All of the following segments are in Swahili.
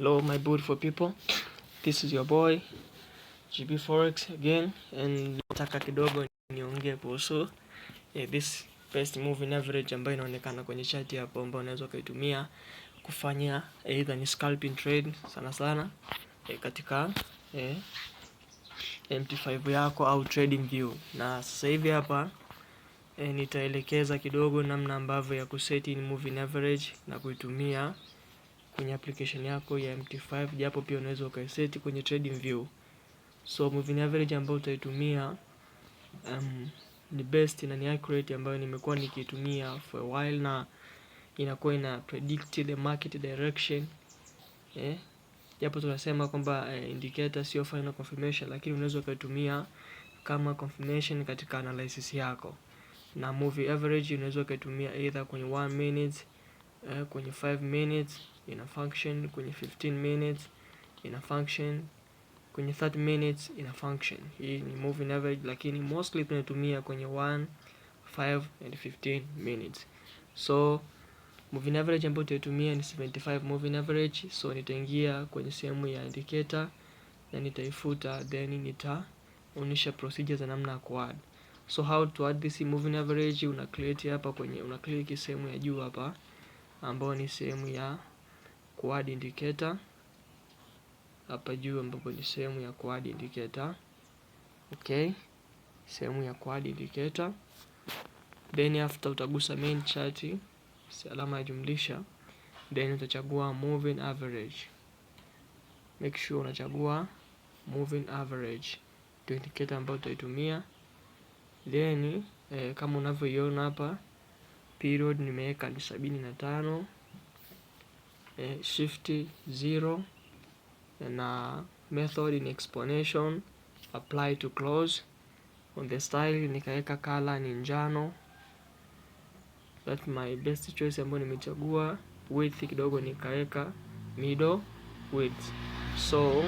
Hello, my beautiful people, this is your boy GB Forex again, and nataka kidogo niongee kuhusu yeah, this best moving average ambayo inaonekana kwenye chati hapo, ambayo unaweza ukaitumia kufanya either ni scalping trade sana sana yeah, katika eh, MT5 yako au trading view. Na sasa hivi hapa yeah, nitaelekeza kidogo namna ambavyo ya kuseti moving average na kuitumia kwenye application yako ya MT5, japo pia unaweza ukaiseti kwenye trading view. So moving average ambayo utaitumia um, ni best na ni accurate, ambayo nimekuwa nikitumia for a while na inakuwa ina predict the market direction eh, japo tunasema kwamba eh, indicator sio final confirmation, lakini unaweza ukaitumia kama confirmation katika analysis yako na moving average unaweza ukaitumia either kwenye 1 minute eh, kwenye 5 minutes ina function kwenye 15 minutes ina function kwenye 30 minutes ina function. Hii ni moving average, lakini mostly tunatumia kwenye 1, 5 and 15 minutes. So moving average ambayo tutaitumia ni 75 moving average. So nitaingia kwenye sehemu ya indicator na nitaifuta, then nitaonyesha procedure za namna ya kuadd. So how to add this moving average, una create hapa kwenye, una click sehemu ya juu hapa ambayo ni sehemu ya Quad indicator hapa juu ambapo ni sehemu ya quad indicator. Okay, sehemu ya quad indicator, then after utagusa main chart, alama ya jumlisha, then utachagua moving average. Make sure unachagua moving average ndio indicator ambayo utaitumia. Then eh, kama unavyoiona hapa period nimeweka ni sabini na tano eh, shift 0 eh, na method in explanation, apply to close. On the style nikaweka color ni njano, that my best choice ambayo nimechagua. Width kidogo nikaweka middle width. So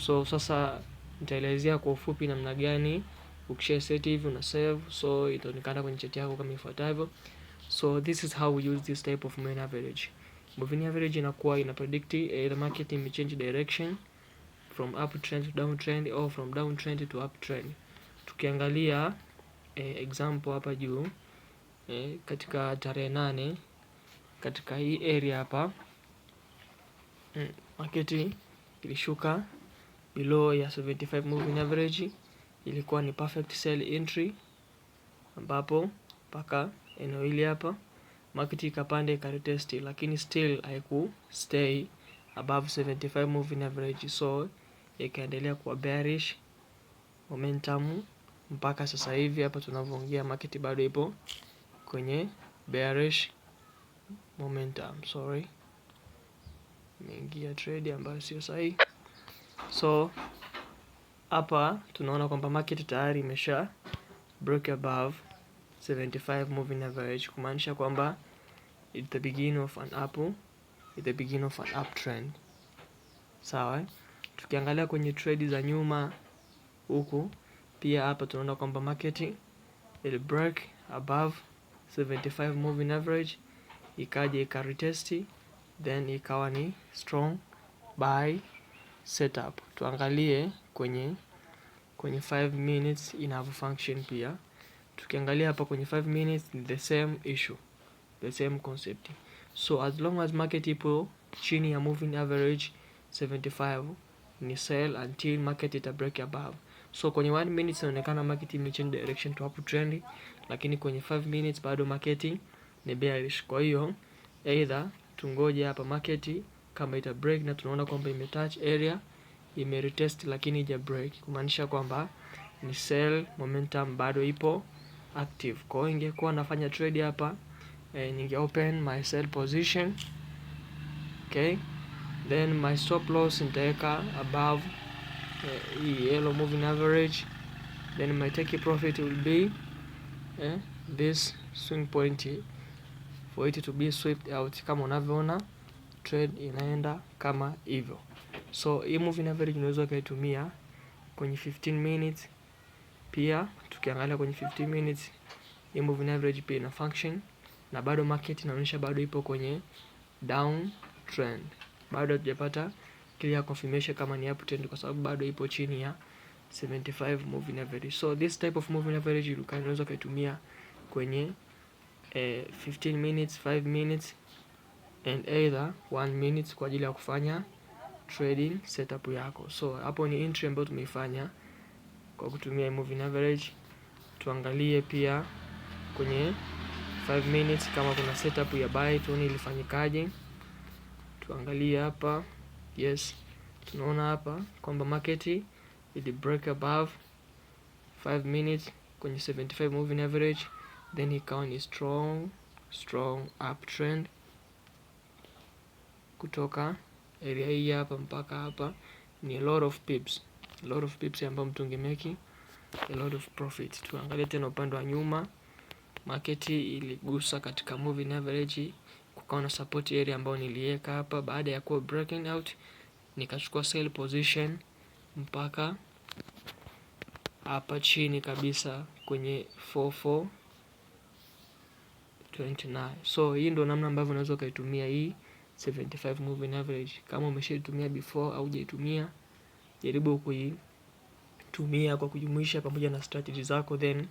so sasa nitaelezea kwa ufupi namna gani ukisha seti hivi una save, so itaonekana kwenye chati yako kama ifuatavyo so this is how we use this type of moving average moving average inakuwa ina predict uh, the market may change direction from uptrend to downtrend or from downtrend to uptrend. Tukiangalia uh, example hapa juu uh, katika tarehe nane katika hii area hapa mm, market ilishuka below ya 75 moving average, ilikuwa ni perfect sell entry ambapo mpaka eneo hili hapa market ikapanda ikaretest, lakini still haiku stay above 75 moving average, so ikaendelea kuwa bearish momentum mpaka sasa hivi hapa tunavyoongea, market bado ipo kwenye bearish momentum. Sorry, imeingia trade ambayo sio sahihi. So hapa tunaona kwamba market tayari imesha break above 75 moving average kumaanisha kwamba at the beginning of an up at the beginning of an uptrend. Sawa, tukiangalia kwenye trade za nyuma huku pia hapa tunaona kwamba market ili break above 75 moving average ikaja ikaretesti then ikawa ni strong buy setup. Tuangalie kwenye kwenye 5 minutes inavyo function pia tukiangalia hapa kwenye 5 minutes ni the same issue, the same concept. So as long as market ipo chini ya moving average 75 ni sell until market ita break above. So kwenye 1 minutes inaonekana market ime change direction to uptrend, lakini kwenye 5 minutes bado market ni bearish. Kwa hiyo either tungoje hapa market kama ita break, na tunaona kwamba ime touch area ime retest, lakini ija break kumaanisha kwamba ni sell, momentum bado ipo active. Kwa hiyo ingekuwa nafanya trade hapa e, eh, ninge open my sell position okay, then my stop loss nitaweka above e, hii yellow moving average, then my take profit will be e, this swing point for it to be swept out. Kama unavyoona trade inaenda kama hivyo, so hii moving average unaweza ukaitumia kwenye 15 minutes pia tukiangalia kwenye 15 minutes hii moving average pia ina function na bado market inaonyesha bado ipo kwenye down trend. Bado hatujapata clear confirmation kama ni up trend kwa sababu bado ipo chini ya 75 moving average. So this type of moving average you can also ukaitumia kwenye eh, 15 minutes, 5 minutes and either 1 minutes kwa ajili ya kufanya trading setup yako. So hapo ni entry ambayo tumeifanya kwa kutumia moving average. Tuangalie pia kwenye 5 minutes kama kuna setup ya buy tuone ilifanyikaje. Tuangalie hapa, yes, tunaona hapa kwamba market ili break above 5 minutes kwenye 75 moving average, then ikawa ni strong strong uptrend kutoka area hii hapa mpaka hapa ni a lot of pips a lot of pips ambao mtu ungemeki a lot of profit. Tuangalie tena upande wa nyuma, market iligusa katika moving average, kukawa na support area ambayo niliweka hapa. Baada ya kuwa breaking out, nikachukua sell position mpaka hapa chini kabisa kwenye 44 29. So hii ndio namna ambavyo unaweza ukaitumia hii 75 moving average. Kama umeshaitumia before au hujaitumia jaribu kuitumia kwa kujumuisha pamoja na strategy zako, then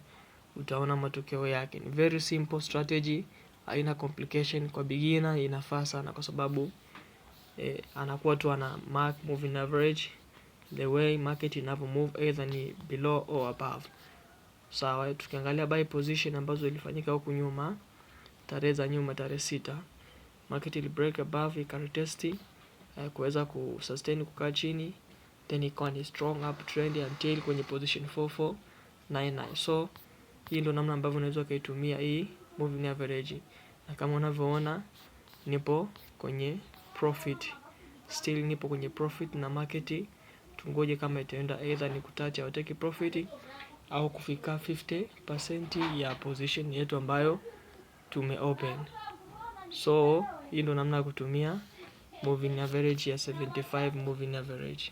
utaona matokeo yake. Ni very simple strategy, haina complication kwa beginner, inafaa sana kwa sababu eh, anakuwa tu ana mark moving average the way market inavyo move either ni below or above. Sawa, so, tukiangalia buy position ambazo ilifanyika huku nyuma, tarehe za nyuma, tarehe sita, market ili break above ikaretesti eh, kuweza kusustain kukaa chini then iko on a strong uptrend until kwenye position 4499. So hii ndio namna ambavyo unaweza ukaitumia hii moving average, na kama unavyoona nipo kwenye profit still, nipo kwenye profit na market. Tungoje kama itaenda either ni kutacha au take profit au kufika 50% ya position yetu ambayo tume open. So hii ndo namna ya kutumia moving average ya 75 moving average.